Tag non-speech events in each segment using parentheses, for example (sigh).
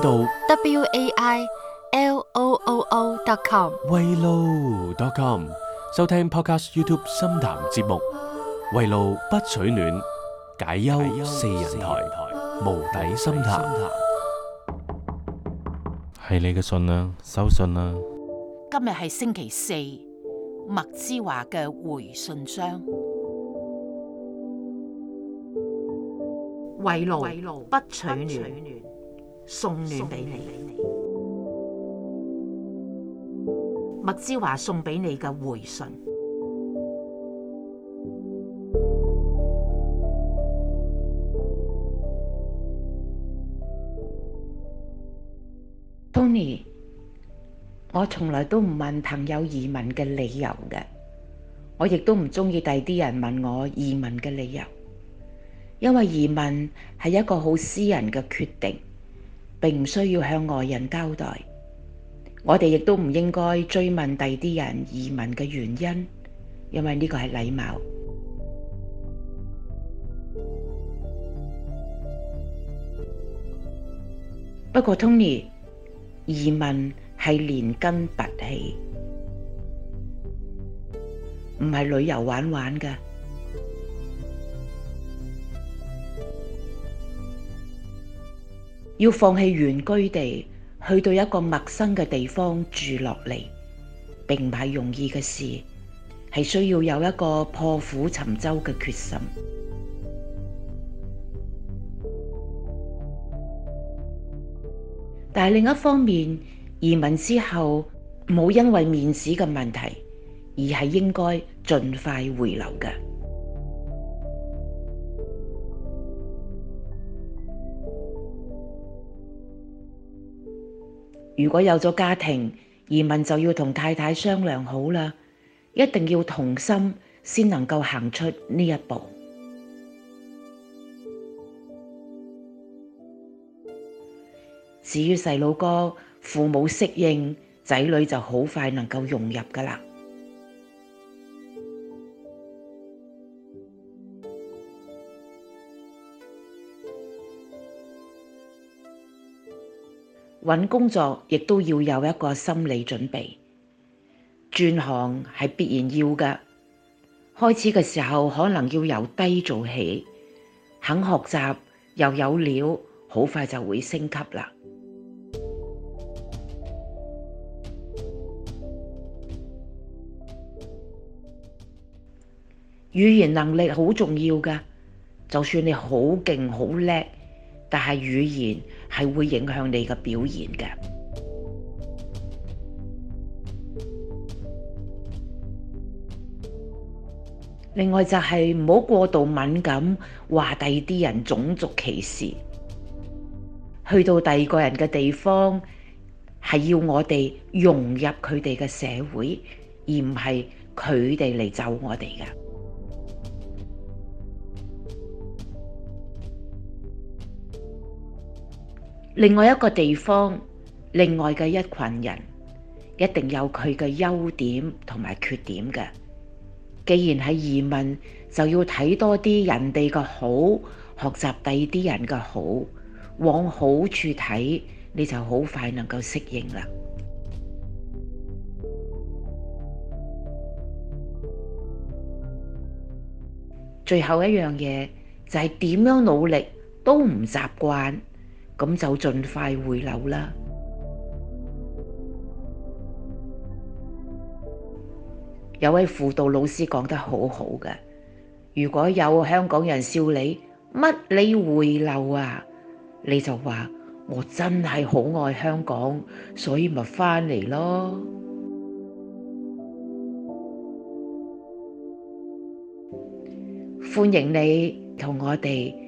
到 wailoo.com，wayloo.com 收聽 Podcast YouTube 深談節目，圍路不取暖，解憂四人台，無底深談，係你嘅信啦，收信啦。今日係星期四，麥之華嘅回信箱，圍路不取暖。送亂俾你，麥之華送俾你嘅回信。Tony，我從來都唔問朋友移民嘅理由嘅，我亦都唔中意第二啲人問我移民嘅理由，因為移民係一個好私人嘅決定。並唔需要向外人交代，我哋亦都唔應該追問第二啲人移民嘅原因，因為呢個係禮貌。不過 Tony 移民係連根拔起，唔係旅遊玩玩㗎。要放棄原居地，去到一個陌生嘅地方住落嚟，並唔係容易嘅事，係需要有一個破釜沉舟嘅決心。但係另一方面，移民之後唔好因為面子嘅問題，而係應該盡快回流的。如果有咗家庭，移民就要同太太商量好啦，一定要同心先能夠行出呢一步。至於細路哥，父母適應，仔女就好快能夠融入㗎喇。搵工作亦都要有一個心理準備，轉行係必然要嘅。開始嘅時候可能要由低做起，肯學習又有料，好快就會升級啦。 (music) 語言能力好重要嘅，就算你好勁好叻，但係語言。係會影響你嘅表現嘅。另外就係唔好過度敏感，話第二啲人種族歧視。去到第二個人嘅地方，係要我哋融入佢哋嘅社會，而唔係佢哋嚟就我哋噶。另外一個地方，另外嘅一群人，一定有佢嘅優點同埋缺點嘅。既然係移民，就要睇多啲人哋嘅好，學習第啲人嘅好，往好處睇，你就好快能夠適應啦。最後一樣嘢就係、是、點樣努力都唔習慣。咁就盡快回流啦！有位輔導老師講得好好嘅，如果有香港人笑你，乜你回流啊，你就話我真係好愛香港，所以咪返嚟咯。歡迎你同我哋。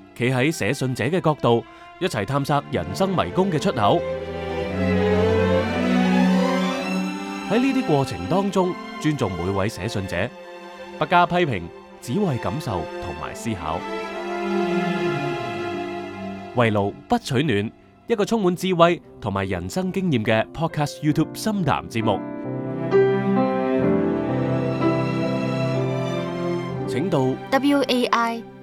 企喺寫信者嘅角度，一齊探索人生迷宮嘅出口。喺呢啲過程當中，尊重每位寫信者，不加批評，只為感受同埋思考。圍爐不取暖，一個充滿智慧同埋人生經驗嘅 Podcast YouTube 深談節目，請到 WAI。